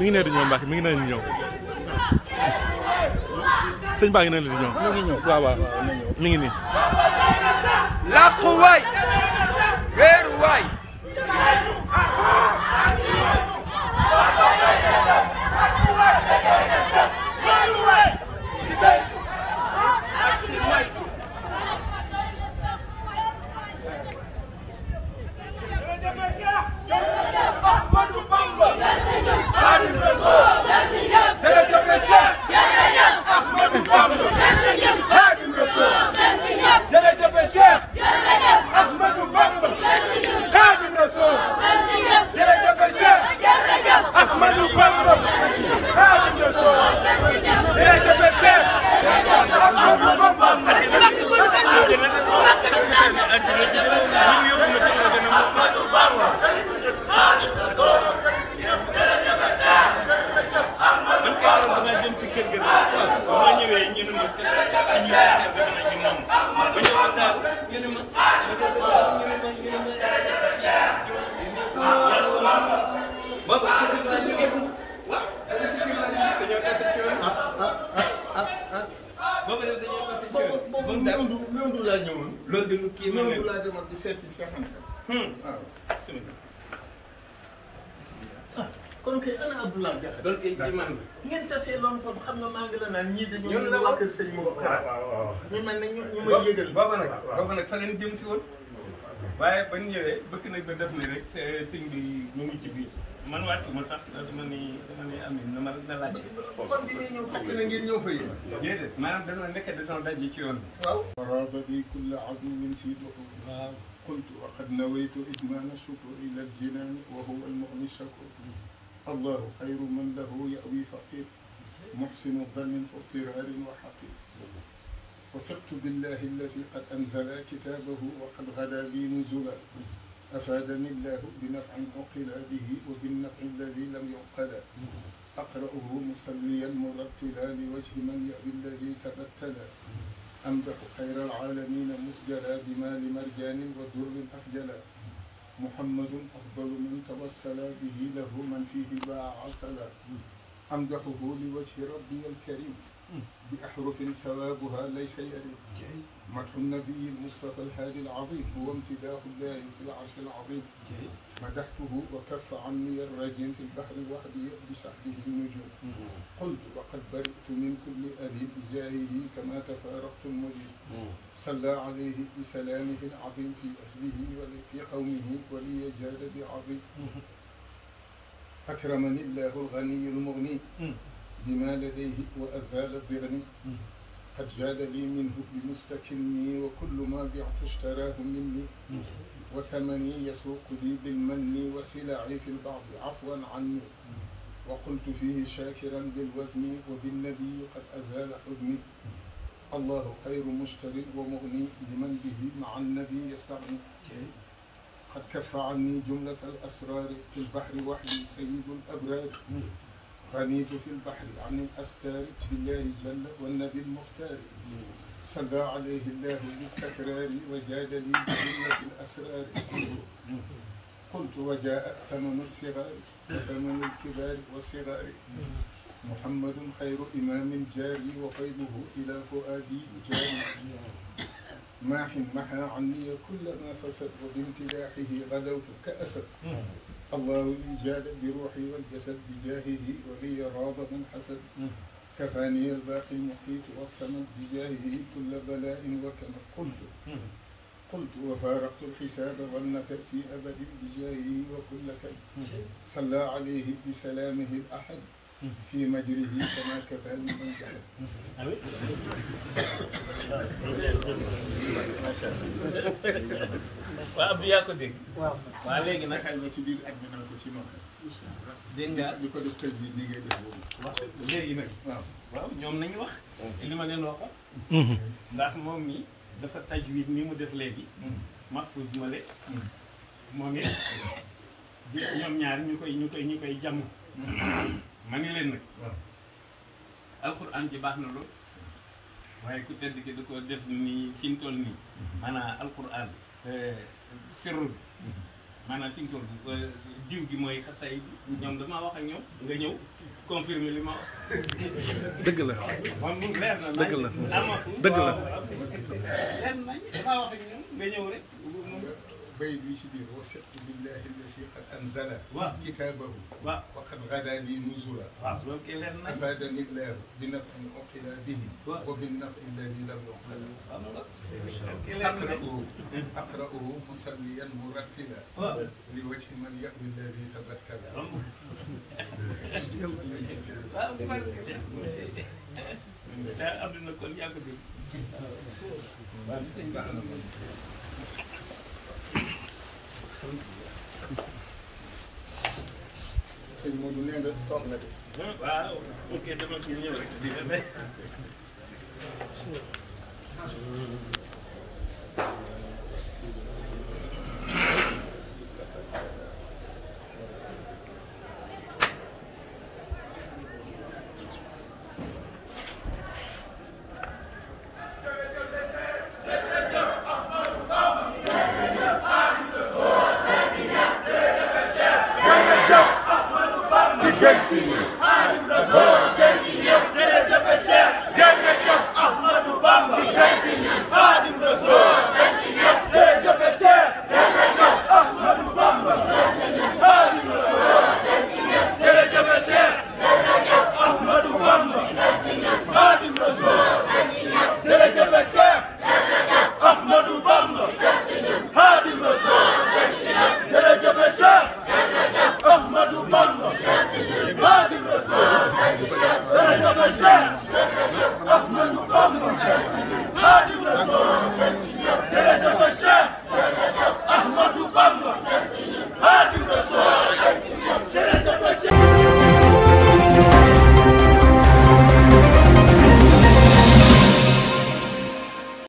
mi ngi nee di ñëw Mbacke mi ngi nee di ñëw sëñ Ba ngi nee di ñëw. mi ngi ñëw waaw waaw mi ngi nii. làqu waay. kii moom bu laa demoon di seeti si xam hmm. waaw bisimilah. ah kon kay ana Abdoulaye Diakhaté. donc kay kii man la. ngeen tasee loon kon xam nga maa ngi la naan ñii dañoo. ñoom la waa kër sëñ Maodo Kara. ñu mel ne ñu ñu may yëgal. booba nag booba si woon. waaye ba ñu ñëwee bëgg nañ ba def ni rek sëñ bi mu ngi ci biir. man wàccu ma sax dama ni dama ni Amine na ma la laaj. kon bi ñuy ñëw fekk na ngeen ñëw fa yéen. déedéet maanaam dañoo nekk dañoo daj ci yoon bi. waaw. farada bi kulla aduwin si doxu. waaw qultu wa qad nawaytu idmana shukur ila aljinani wa huwa almu'min shakur. allahu xayru man lahu yawi faqir. muxsinu danin fatirarin wa xaqir. wa sabtu billahi alladi qad anzala kitabahu wa qad gada bi nuzula أفادني الله بنفع أقل به وبالنفع الذي لم يعقل أقرأه مصليا مرتلا لوجه من يأبي الذي تبتلا أمدح خير العالمين مسجلا بمال مرجان ودر أخجلا محمد أفضل من توسل به له من فيه باع عسلا أمدحه لوجه ربي الكريم بأحرف ثوابها ليس يرد مدح النبي المصطفى الهادي العظيم هو امتداح الله في العرش العظيم مدحته وكف عني الرجيم في البحر وحدي بسحبه النجوم قلت وقد برئت من كل أذي بجاهه كما تفارقت المدين صلى عليه بسلامه العظيم في أسره وفي قومه وليجاد بعظيم أكرمني الله الغني المغني بما لديه وأزال ضغني قد جاد لي منه بمستكني وكل ما بعت اشتراه مني وثمني يسوق لي بالمن وسلعي في البعض عفوا عني وقلت فيه شاكرا بالوزن وبالنبي قد أزال حزني الله خير مشتر ومغني لمن به مع النبي يستغني قد كف عني جملة الأسرار في البحر وحدي سيد الأبرار قنيت في البحر عن الأستار بالله جل والنبي المختار صلى عليه الله بالتكرار وجاد لي بجملة الأسرار قلت وجاء ثمن الصغار وثمن الكبار والصغار محمد خير إمام جاري وقيده إلى فؤادي جاري maaxin maha anniya kullama fasad wa bimtidaaxihi gadawtu ka asad allahu li jaada bi ruuxi waljasad bi jaahihi wa liya raada man xasad kafaaniya albaaqi muqiitu wassamad bi jaahihi kulla balaain wa kama qultu قلت وفارقت الحساب والنكد في أبد بجاهه وكل كد صلى عليه بسلامه الأحد fii majuri yi sama kefal yaa ko dégg. waaw léegi nag xel nga ci biir ak ñu naan ko ci moom. dégg ko def kër bi ni ngay def boobu. léegi nag. waaw ñoom nañu wax. li ma leen waxoon. Mhm. ndax moom mi dafa tajwid ni mu def léegi. Mhm. Mahfouz ma le. Mhm. moo ngi ñoom ñaar ñu koy ñu koy ñu ma ne leen nag alxuraan ji baax na lool waaye ku tedd ki da ko def nii fi mu toll nii mhm. maanaam alxuraan eh, sirru bi mhm. maanaam fi mu toll eh, diw gi mooy xasay ñoom damaa wax ak ñoom nga ñëw confirmer li ma wax. dëgg la moom mu dëgg la dëgg la damaa wax ak ñoom nga ñëw rek bay bi ci biir wasiqtu billahi allasi qad anzala kitaabahu wa qad gada li nuzula afadani llahu bi nafin uqila bihi wa bi nafin alladi lam yuqala aqra'uhu aqra'uhu musalliyan murattila li wajhi man ya'wi alladi tabattala am na kon yaa ko dégg sëñ Modou nee nga toog na de. waaw ok dama kii ñëw rek